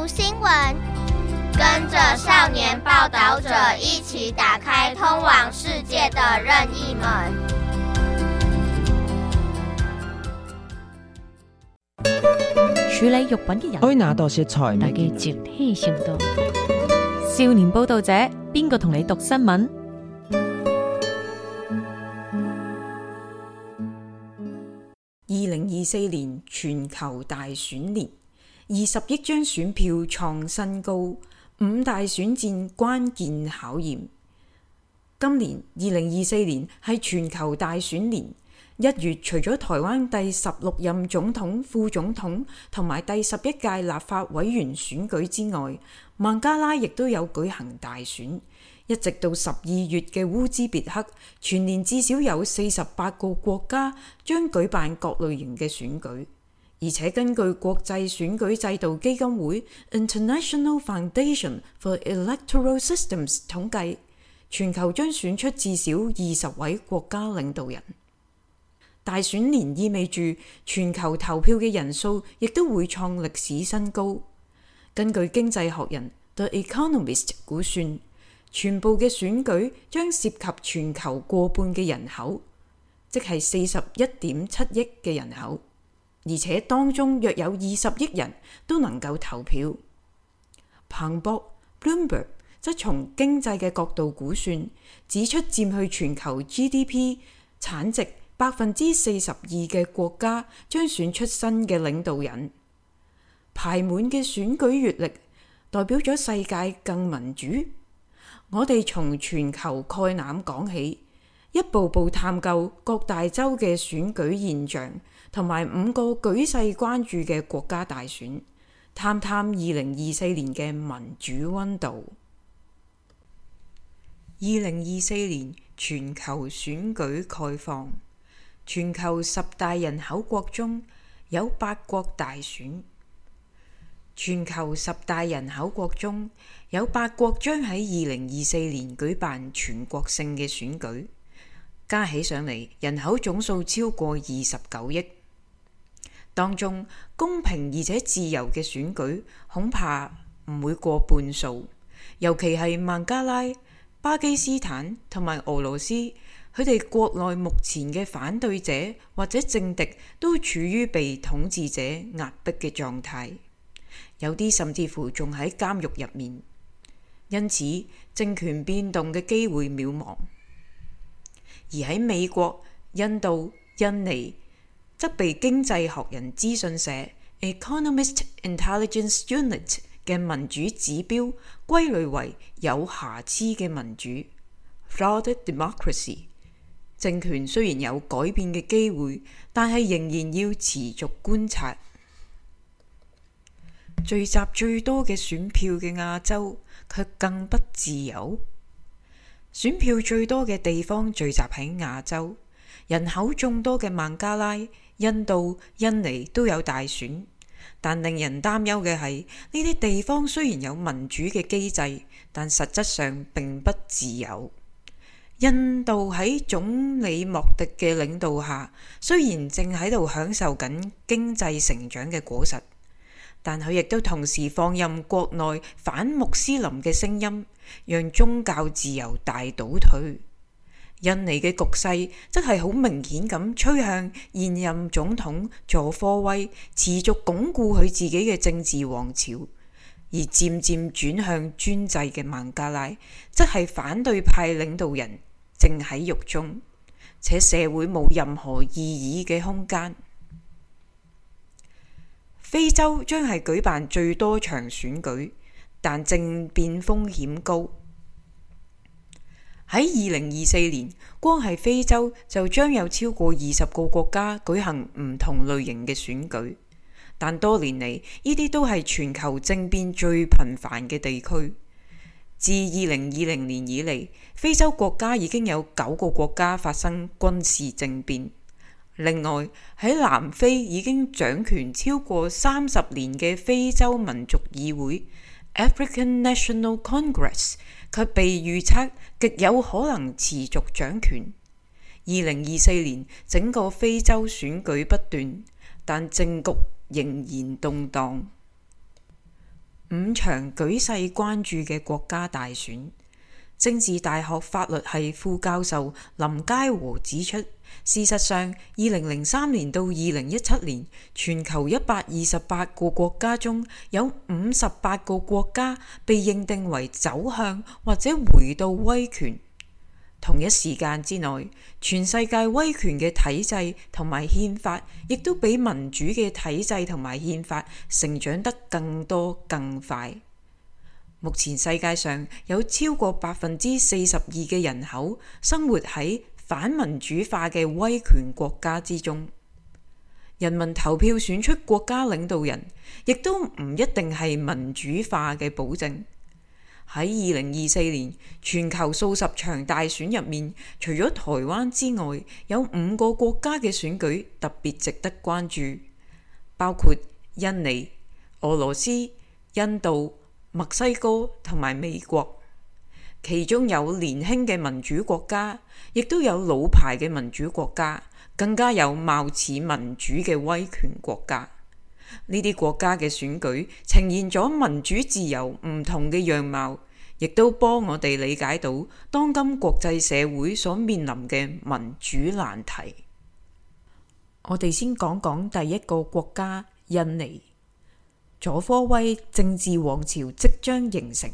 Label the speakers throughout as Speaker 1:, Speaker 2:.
Speaker 1: 讀新聞，跟著少年報道者一起打開通往世界的任意門。處理肉品嘅人可以拿到些菜嘅整體程度。少年報道者，邊個同你讀新聞？二零二四年全球大選年。二十億張選票創新高，五大選戰關鍵考驗。今年二零二四年係全球大選年。一月除咗台灣第十六任總統、副總統同埋第十一屆立法委員選舉之外，孟加拉亦都有舉行大選。一直到十二月嘅烏茲別克，全年至少有四十八個國家將舉辦各類型嘅選舉。而且根據國際選舉制度基金會 （International Foundation for Electoral Systems） 統計，全球將選出至少二十位國家領導人。大選年意味住全球投票嘅人數亦都會創歷史新高。根據《經濟學人》（The Economist） 估算，全部嘅選舉將涉及全球過半嘅人口，即係四十一點七億嘅人口。而且當中約有二十億人都能夠投票。彭博 （Bloomberg） 則從經濟嘅角度估算，指出佔去全球 GDP 產值百分之四十二嘅國家將選出新嘅領導人。排滿嘅選舉月曆代表咗世界更民主。我哋從全球概覽講起，一步步探究各大洲嘅選舉現象。同埋五個舉世關注嘅國家大選，探探二零二四年嘅民主温度。二零二四年全球選舉概況。全球十大人口國中有八國大選，全球十大人口國中有八國將喺二零二四年舉辦全國性嘅選舉，加起上嚟，人口總數超過二十九億。當中公平而且自由嘅選舉恐怕唔會過半數，尤其係孟加拉、巴基斯坦同埋俄羅斯，佢哋國內目前嘅反對者或者政敵都處於被統治者壓迫嘅狀態，有啲甚至乎仲喺監獄入面，因此政權變動嘅機會渺茫。而喺美國、印度、印尼。則被經濟學人資訊社 Economist Intelligence Unit 嘅民主指標歸類為有瑕疵嘅民主 （flawed democracy）。政權雖然有改變嘅機會，但係仍然要持續觀察。聚集最多嘅選票嘅亞洲，卻更不自由。選票最多嘅地方聚集喺亞洲，人口眾多嘅孟加拉。印度、印尼都有大選，但令人擔憂嘅係，呢啲地方雖然有民主嘅機制，但實質上並不自由。印度喺總理莫迪嘅領導下，雖然正喺度享受緊經濟成長嘅果實，但佢亦都同時放任國內反穆斯林嘅聲音，讓宗教自由大倒退。印尼嘅局勢真係好明顯咁趨向現任總統佐科威持續鞏固佢自己嘅政治王朝，而漸漸轉向專制嘅孟加拉，則係反對派領導人正喺獄中，且社會冇任何異議嘅空間。非洲將係舉辦最多場選舉，但政變風險高。喺二零二四年，光係非洲就將有超過二十個國家舉行唔同類型嘅選舉。但多年嚟，呢啲都係全球政變最頻繁嘅地區。自二零二零年以嚟，非洲國家已經有九個國家發生軍事政變。另外，喺南非已經掌權超過三十年嘅非洲民族議會 （African National Congress）。卻被預測極有可能持續掌權。二零二四年整個非洲選舉不斷，但政局仍然動盪。五場舉世關注嘅國家大選。政治大學法律系副教授林佳和指出，事實上，二零零三年到二零一七年，全球一百二十八個國家中有五十八個國家被認定為走向或者回到威權。同一時間之內，全世界威權嘅體制同埋憲法，亦都比民主嘅體制同埋憲法成長得更多更快。目前世界上有超過百分之四十二嘅人口生活喺反民主化嘅威權國家之中。人民投票選出國家領導人，亦都唔一定係民主化嘅保證。喺二零二四年全球數十場大選入面，除咗台灣之外，有五個國家嘅選舉特別值得關注，包括印尼、俄羅斯、印度。墨西哥同埋美國，其中有年輕嘅民主國家，亦都有老牌嘅民主國家，更加有貌似民主嘅威權國家。呢啲國家嘅選舉呈現咗民主自由唔同嘅樣貌，亦都幫我哋理解到當今國際社會所面臨嘅民主難題。我哋先講講第一個國家，印尼。佐科威政治王朝即將形成。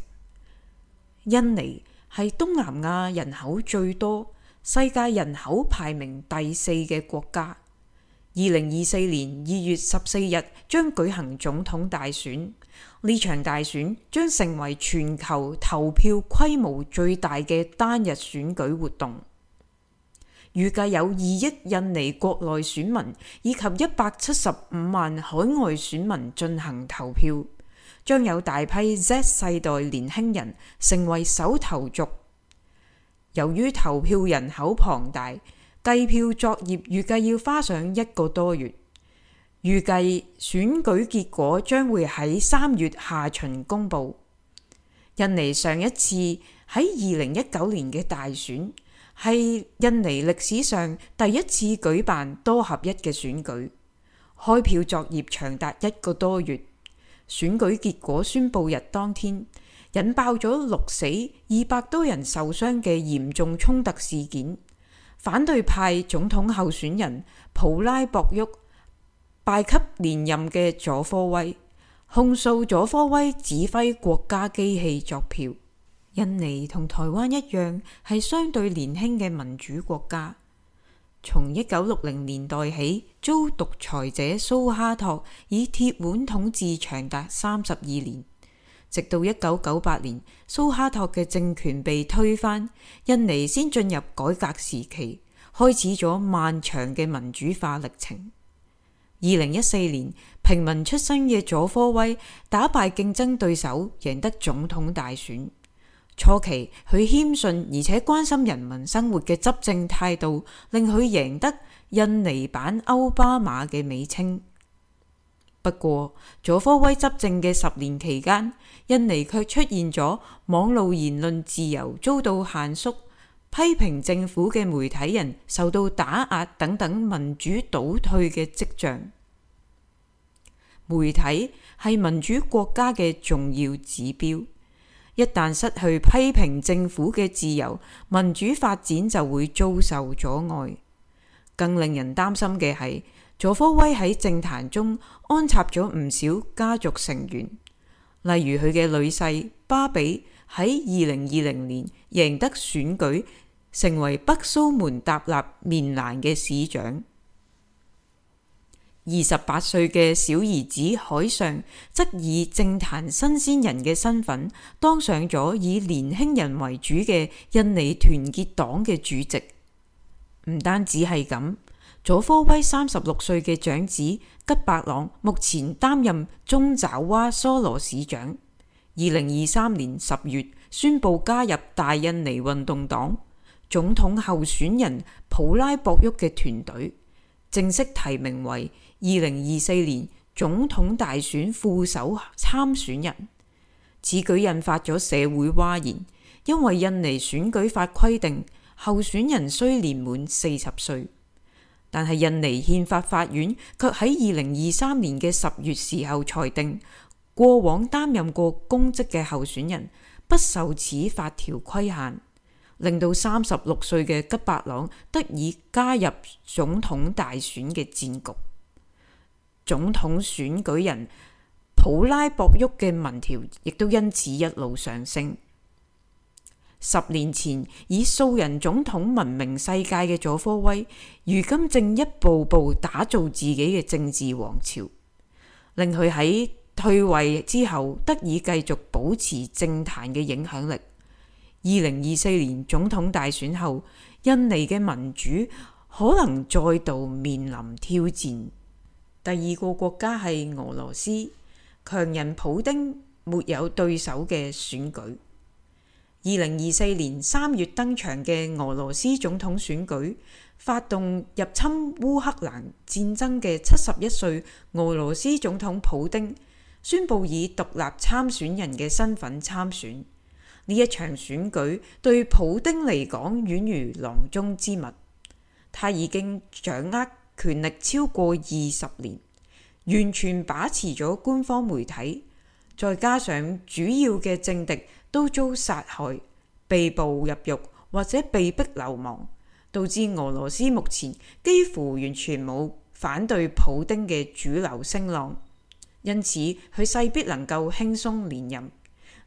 Speaker 1: 印尼係東南亞人口最多、世界人口排名第四嘅國家。二零二四年二月十四日將舉行總統大選，呢場大選將成為全球投票規模最大嘅單日選舉活動。預計有二億印尼國內選民以及一百七十五萬海外選民進行投票，將有大批 Z 世代年輕人成為首投族。由於投票人口龐大，計票作業預計要花上一個多月，預計選舉結果將會喺三月下旬公佈。印尼上一次喺二零一九年嘅大選。係印尼歷史上第一次舉辦多合一嘅選舉，開票作業長達一個多月。選舉結果宣布日當天，引爆咗六死二百多人受傷嘅嚴重衝突事件。反對派總統候選人普拉博沃敗給連任嘅佐科威，控訴佐科威指揮國家機器作票。印尼同台灣一樣係相對年輕嘅民主國家。從一九六零年代起，遭獨裁者蘇哈托以鐵腕統治長達三十二年，直到一九九八年，蘇哈托嘅政權被推翻，印尼先進入改革時期，開始咗漫長嘅民主化歷程。二零一四年，平民出身嘅佐科威打敗競爭對手，贏得總統大選。初期，佢謙遜而且關心人民生活嘅執政態度，令佢贏得印尼版奧巴馬嘅美稱。不過，佐科威執政嘅十年期間，印尼卻出現咗網路言論自由遭到限縮、批評政府嘅媒體人受到打壓等等民主倒退嘅跡象。媒體係民主國家嘅重要指標。一旦失去批評政府嘅自由，民主發展就會遭受阻礙。更令人擔心嘅係，佐科威喺政壇中安插咗唔少家族成員，例如佢嘅女婿巴比喺二零二零年贏得選舉，成為北蘇門答臘棉蘭嘅市長。二十八歲嘅小兒子海上，則以政壇新鮮人嘅身份，當上咗以年輕人為主嘅印尼團結黨嘅主席。唔單止係咁，佐科威三十六歲嘅長子吉伯朗，目前擔任中爪哇梭羅市長。二零二三年十月宣布加入大印尼運動黨，總統候選人普拉博沃嘅團隊，正式提名為。二零二四年總統大選副手參選人。此舉引發咗社會嘩然，因為印尼選舉法規定候選人需年滿四十歲，但係印尼憲法法院卻喺二零二三年嘅十月時候裁定，過往擔任過公職嘅候選人不受此法條規限，令到三十六歲嘅吉伯朗得以加入總統大選嘅戰局。總統選舉人普拉博沃嘅民調亦都因此一路上升。十年前以素人總統聞名世界嘅佐科威，如今正一步步打造自己嘅政治王朝，令佢喺退位之後得以繼續保持政壇嘅影響力。二零二四年總統大選後，印尼嘅民主可能再度面臨挑戰。第二個國家係俄羅斯，強人普丁沒有對手嘅選舉。二零二四年三月登場嘅俄羅斯總統選舉，發動入侵烏克蘭戰爭嘅七十一歲俄羅斯總統普丁宣布以獨立參選人嘅身份參選。呢一場選舉對普丁嚟講宛如囊中之物，他已經掌握。權力超過二十年，完全把持咗官方媒體，再加上主要嘅政敵都遭殺害、被捕入獄或者被逼流亡，導致俄羅斯目前幾乎完全冇反對普丁嘅主流聲浪。因此，佢勢必能夠輕鬆連任。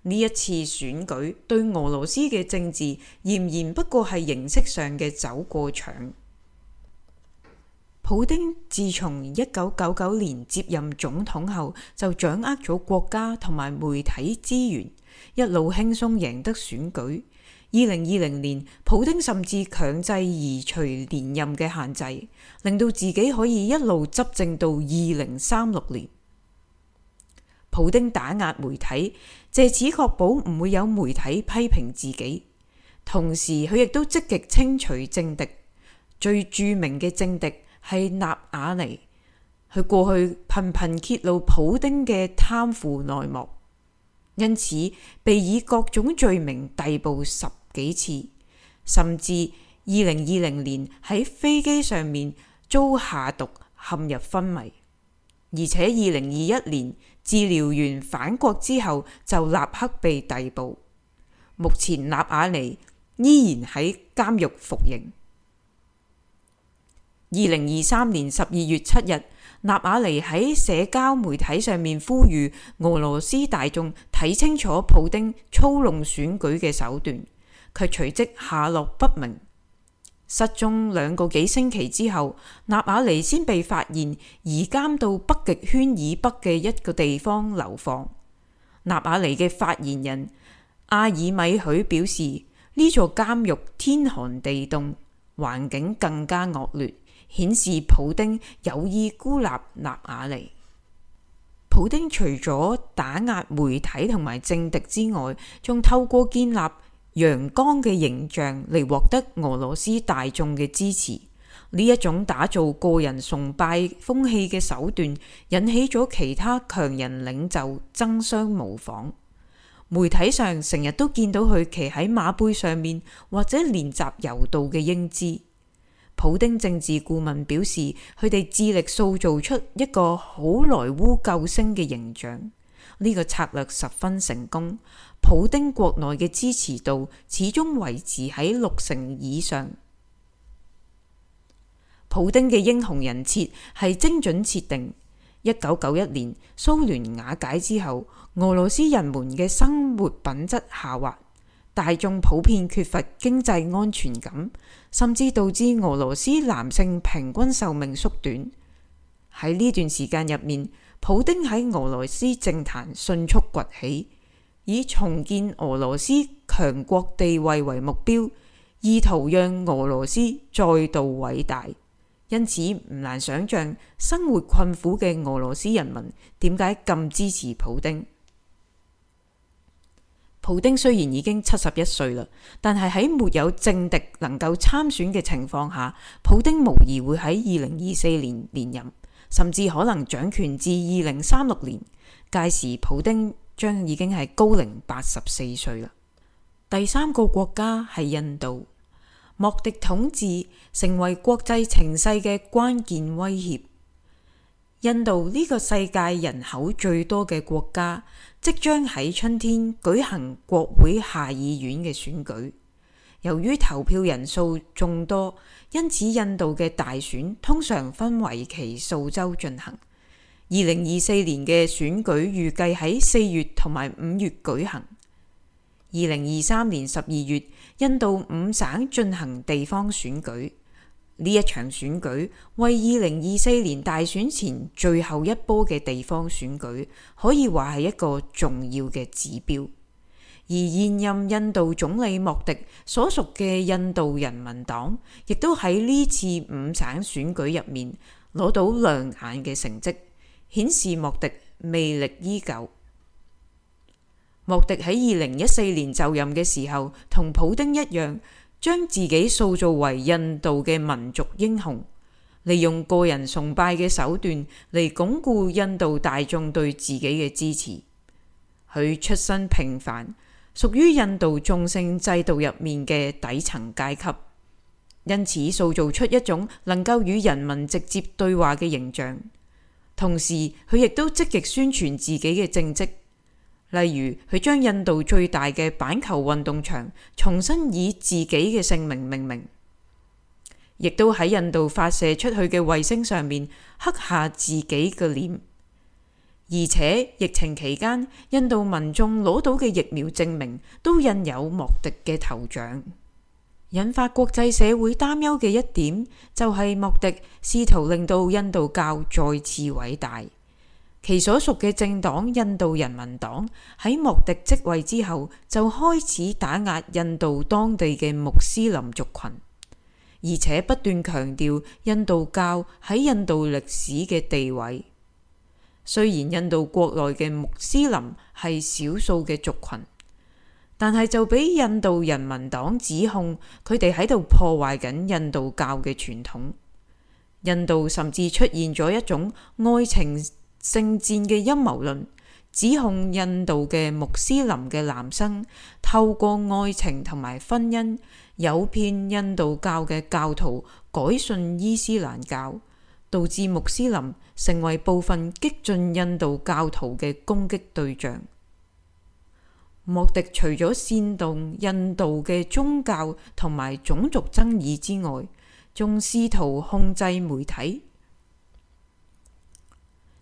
Speaker 1: 呢一次選舉，對俄羅斯嘅政治儼然不過係形式上嘅走過場。普京自從一九九九年接任總統後，就掌握咗國家同埋媒體資源，一路輕鬆贏得選舉。二零二零年，普京甚至強制移除連任嘅限制，令到自己可以一路執政到二零三六年。普京打壓媒體，借此確保唔會有媒體批評自己，同時佢亦都積極清除政敵，最著名嘅政敵。係納瓦尼，佢過去頻頻揭露普丁嘅貪腐內幕，因此被以各種罪名逮捕十幾次，甚至二零二零年喺飛機上面遭下毒陷入昏迷，而且二零二一年治療完返國之後就立刻被逮捕，目前納瓦尼依然喺監獄服刑。二零二三年十二月七日，納瓦尼喺社交媒體上面呼籲俄羅斯大眾睇清楚普丁操弄選舉嘅手段。佢隨即下落不明，失蹤兩個幾星期之後，納瓦尼先被發現移監到北極圈以北嘅一個地方流放。納瓦尼嘅發言人阿爾米許表示，呢座監獄天寒地凍，環境更加惡劣。顯示普丁有意孤立納瓦尼。普丁除咗打壓媒體同埋政敵之外，仲透過建立陽光嘅形象嚟獲得俄羅斯大眾嘅支持。呢一種打造個人崇拜風氣嘅手段，引起咗其他強人領袖爭相模仿。媒體上成日都見到佢騎喺馬背上面，或者練習柔道嘅英姿。普丁政治顧問表示，佢哋致力塑造出一個好萊塢救星嘅形象，呢、這個策略十分成功。普丁國內嘅支持度始終維持喺六成以上。普丁嘅英雄人設係精準設定。一九九一年蘇聯瓦解之後，俄羅斯人們嘅生活品質下滑。大眾普遍缺乏經濟安全感，甚至導致俄羅斯男性平均壽命縮短。喺呢段時間入面，普丁喺俄羅斯政壇迅速崛起，以重建俄羅斯強國地位為目標，意圖讓俄羅斯再度偉大。因此唔難想象，生活困苦嘅俄羅斯人民點解咁支持普丁。普丁雖然已經七十一歲啦，但係喺沒有政敵能夠參選嘅情況下，普丁無疑會喺二零二四年連任，甚至可能掌權至二零三六年。屆時，普丁將已經係高齡八十四歲啦。第三個國家係印度，莫迪統治成為國際情勢嘅關鍵威脅。印度呢個世界人口最多嘅國家，即將喺春天舉行國會下議院嘅選舉。由於投票人數眾多，因此印度嘅大選通常分為期數周進行。二零二四年嘅選舉預計喺四月同埋五月舉行。二零二三年十二月，印度五省進行地方選舉。呢一場選舉為二零二四年大選前最後一波嘅地方選舉，可以話係一個重要嘅指標。而現任印度總理莫迪所屬嘅印度人民黨，亦都喺呢次五省選舉入面攞到亮眼嘅成績，顯示莫迪魅力依舊。莫迪喺二零一四年就任嘅時候，同普京一樣。將自己塑造為印度嘅民族英雄，利用個人崇拜嘅手段嚟鞏固印度大眾對自己嘅支持。佢出身平凡，屬於印度種姓制度入面嘅底層階級，因此塑造出一種能夠與人民直接對話嘅形象。同時，佢亦都積極宣傳自己嘅政績。例如，佢將印度最大嘅板球運動場重新以自己嘅姓名命名，亦都喺印度發射出去嘅衛星上面刻下自己嘅臉，而且疫情期間印度民眾攞到嘅疫苗證明都印有莫迪嘅頭像。引發國際社會擔憂嘅一點就係莫迪試圖令到印度教再次偉大。其所屬嘅政黨印度人民黨喺莫迪即位之後就開始打壓印度當地嘅穆斯林族群，而且不斷強調印度教喺印度歷史嘅地位。雖然印度國內嘅穆斯林係少數嘅族群，但係就俾印度人民黨指控佢哋喺度破壞緊印度教嘅傳統。印度甚至出現咗一種愛情聖戰嘅陰謀論指控印度嘅穆斯林嘅男生透過愛情同埋婚姻，誘騙印度教嘅教徒改信伊斯蘭教，導致穆斯林成為部分激進印度教徒嘅攻擊對象。莫迪除咗煽動印度嘅宗教同埋種族爭議之外，仲試圖控制媒體。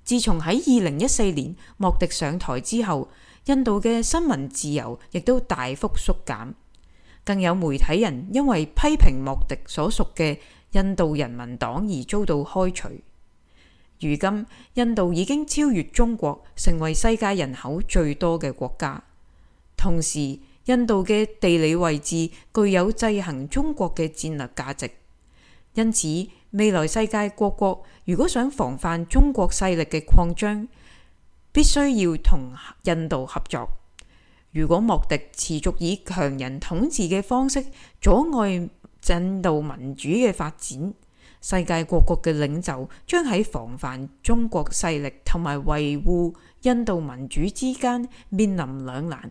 Speaker 1: 自從喺二零一四年莫迪上台之後，印度嘅新聞自由亦都大幅縮減，更有媒體人因為批評莫迪所屬嘅印度人民黨而遭到開除。如今，印度已經超越中國，成為世界人口最多嘅國家，同時，印度嘅地理位置具有制衡中國嘅戰略價值，因此。未來世界各國如果想防範中國勢力嘅擴張，必須要同印度合作。如果莫迪持續以強人統治嘅方式阻礙印度民主嘅發展，世界各國嘅領袖將喺防範中國勢力同埋維護印度民主之間面臨兩難。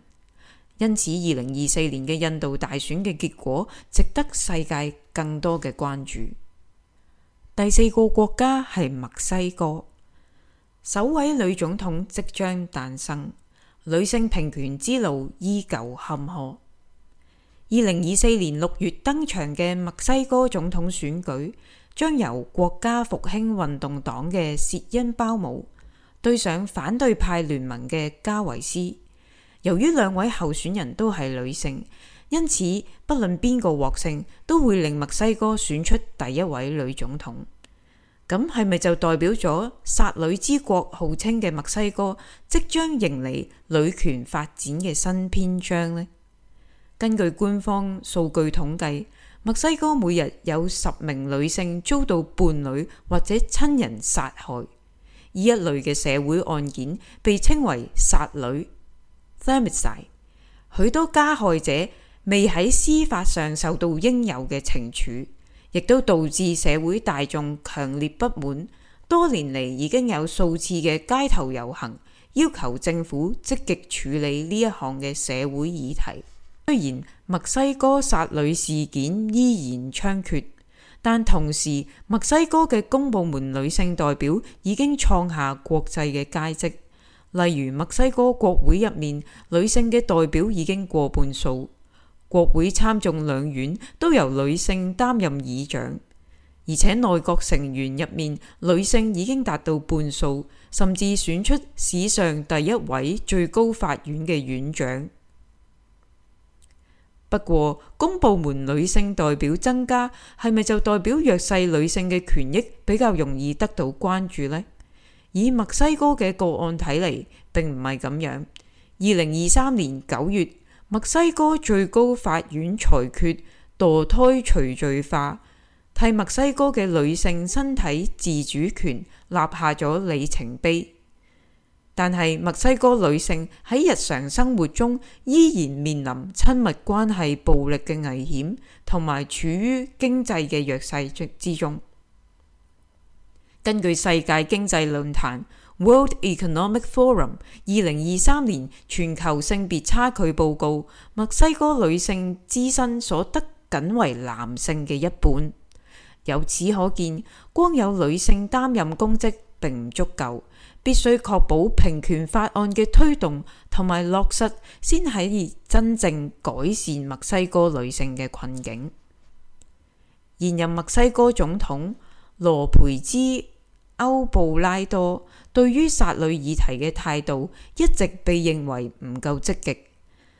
Speaker 1: 因此，二零二四年嘅印度大選嘅結果值得世界更多嘅關注。第四個國家係墨西哥，首位女總統即將誕生，女性平權之路依舊坎坷。二零二四年六月登場嘅墨西哥總統選舉，將由國家復興運動黨嘅薛恩包姆對上反對派聯盟嘅加維斯。由於兩位候選人都係女性。因此，不論邊個獲勝，都會令墨西哥選出第一位女總統。咁係咪就代表咗殺女之國號稱嘅墨西哥，即將迎嚟女權發展嘅新篇章呢？根據官方數據統計，墨西哥每日有十名女性遭到伴侶或者親人殺害，呢一類嘅社會案件被稱為殺女。許多加害者。未喺司法上受到應有嘅懲處，亦都導致社會大眾強烈不滿。多年嚟已經有數次嘅街頭遊行，要求政府積極處理呢一項嘅社會議題。雖然墨西哥殺女事件依然猖獗，但同時墨西哥嘅公部門女性代表已經創下國際嘅佳績，例如墨西哥國會入面女性嘅代表已經過半數。國會參眾兩院都由女性擔任議長，而且內閣成員入面女性已經達到半數，甚至選出史上第一位最高法院嘅院長。不過，公部門女性代表增加係咪就代表弱勢女性嘅權益比較容易得到關注呢？以墨西哥嘅個案睇嚟，並唔係咁樣。二零二三年九月。墨西哥最高法院裁決墮胎除罪化，替墨西哥嘅女性身體自主權立下咗里程碑。但係墨西哥女性喺日常生活中依然面臨親密關係暴力嘅危險，同埋處於經濟嘅弱勢之中。根據世界經濟論壇。World Economic Forum 二零二三年全球性別差距報告，墨西哥女性資深所得僅為男性嘅一半。由此可見，光有女性擔任公職並唔足夠，必須確保平權法案嘅推動同埋落實，先係真正改善墨西哥女性嘅困境。現任墨西哥總統羅培茲歐布拉多。對於殺女議題嘅態度一直被認為唔夠積極，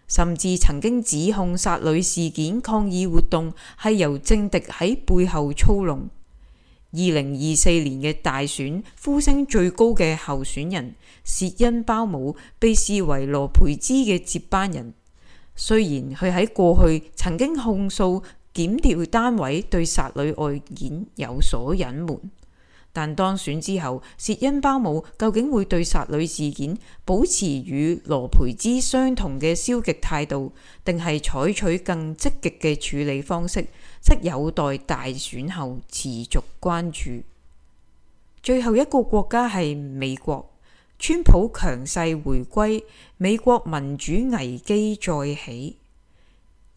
Speaker 1: 甚至曾經指控殺女事件抗議活動係由政敵喺背後操弄。二零二四年嘅大選呼聲最高嘅候選人薛恩鮑姆被視為羅培茲嘅接班人，雖然佢喺過去曾經控訴檢調單位對殺女案件有所隱瞞。但當選之後，薛恩鮑姆究竟會對殺女事件保持與羅培茲相同嘅消極態度，定係採取更積極嘅處理方式，則有待大選後持續關注。最後一個國家係美國，川普強勢回歸，美國民主危機再起。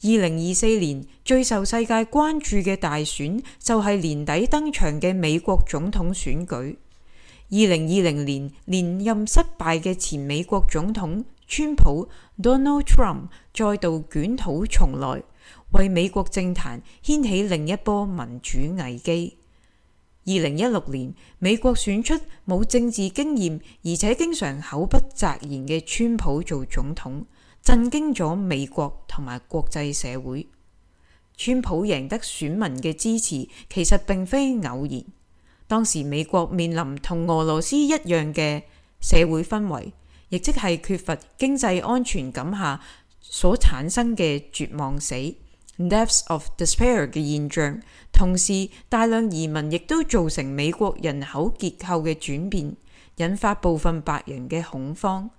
Speaker 1: 二零二四年最受世界關注嘅大選就係年底登場嘅美國總統選舉。二零二零年連任失敗嘅前美國總統川普 Donald Trump 再度卷土重來，為美國政壇掀起另一波民主危機。二零一六年，美國選出冇政治經驗而且經常口不擇言嘅川普做總統。震驚咗美國同埋國際社會，川普贏得選民嘅支持，其實並非偶然。當時美國面臨同俄羅斯一樣嘅社會氛圍，亦即係缺乏經濟安全感下所產生嘅絕望死 （deaths of despair） 嘅現象。同時，大量移民亦都造成美國人口結構嘅轉變，引發部分白人嘅恐慌。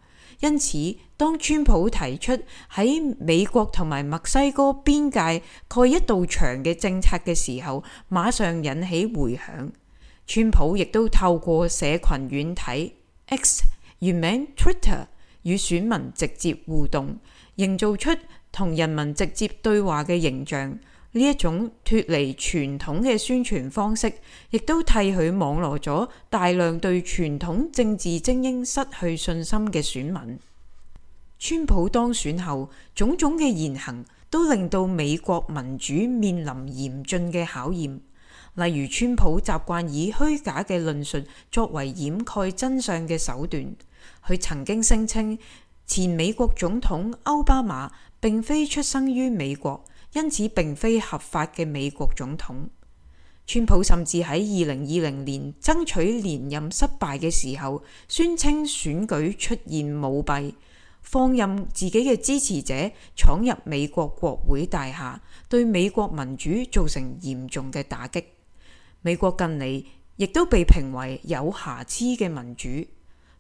Speaker 1: 因此，當川普提出喺美國同埋墨西哥邊界蓋一道牆嘅政策嘅時候，馬上引起回響。川普亦都透過社群軟體 X（ 原名 Twitter） 與選民直接互動，營造出同人民直接對話嘅形象。呢一種脫離傳統嘅宣傳方式，亦都替佢網羅咗大量對傳統政治精英失去信心嘅選民。川普當選後，種種嘅言行都令到美國民主面臨嚴峻嘅考驗。例如，川普習慣以虛假嘅論述作為掩蓋真相嘅手段。佢曾經聲稱前美國總統歐巴馬並非出生於美國。因此，並非合法嘅美國總統川普，甚至喺二零二零年爭取連任失敗嘅時候，宣稱選舉出現舞弊，放任自己嘅支持者闖入美國國會大廈，對美國民主造成嚴重嘅打擊。美國近嚟亦都被評為有瑕疵嘅民主。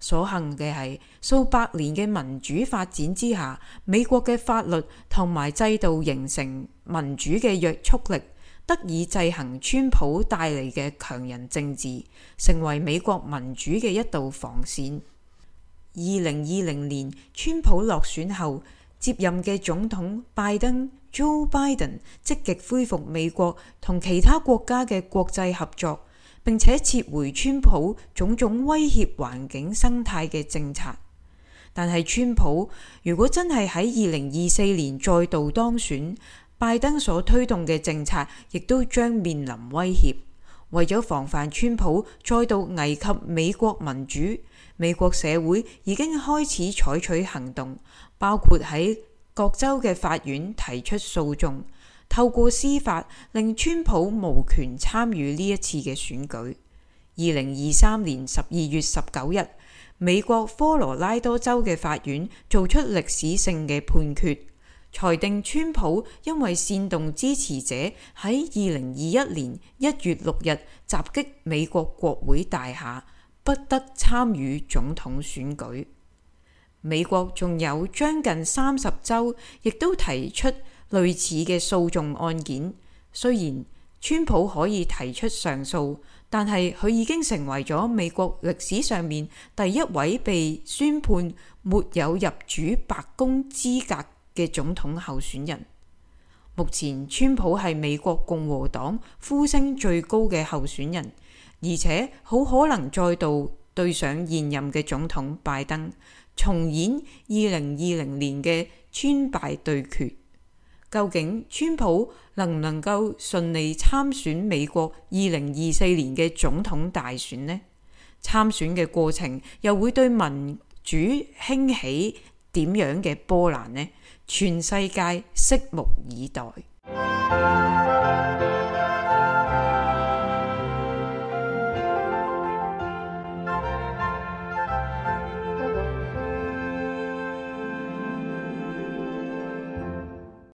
Speaker 1: 所幸嘅係，數百年嘅民主發展之下，美國嘅法律同埋制度形成民主嘅約束力，得以制衡川普帶嚟嘅強人政治，成為美國民主嘅一道防線。二零二零年川普落選後，接任嘅總統拜登 Joe Biden 積極恢復美國同其他國家嘅國際合作。並且撤回川普種種威脅環境生態嘅政策，但係川普如果真係喺二零二四年再度當選，拜登所推動嘅政策亦都將面臨威脅。為咗防範川普再度危及美國民主，美國社會已經開始採取行動，包括喺各州嘅法院提出訴訟。透過司法令川普無權參與呢一次嘅選舉。二零二三年十二月十九日，美國科羅拉多州嘅法院做出歷史性嘅判決，裁定川普因為煽動支持者喺二零二一年一月六日襲擊美國國會大廈，不得參與總統選舉。美國仲有將近三十州亦都提出類似嘅訴訟案件，雖然川普可以提出上訴，但係佢已經成為咗美國歷史上面第一位被宣判沒有入主白宮資格嘅總統候選人。目前川普係美國共和黨呼聲最高嘅候選人，而且好可能再度對上現任嘅總統拜登，重演二零二零年嘅川拜對決。究竟川普能唔能夠順利參選美國二零二四年嘅總統大選呢？參選嘅過程又會對民主興起點樣嘅波瀾呢？全世界拭目以待。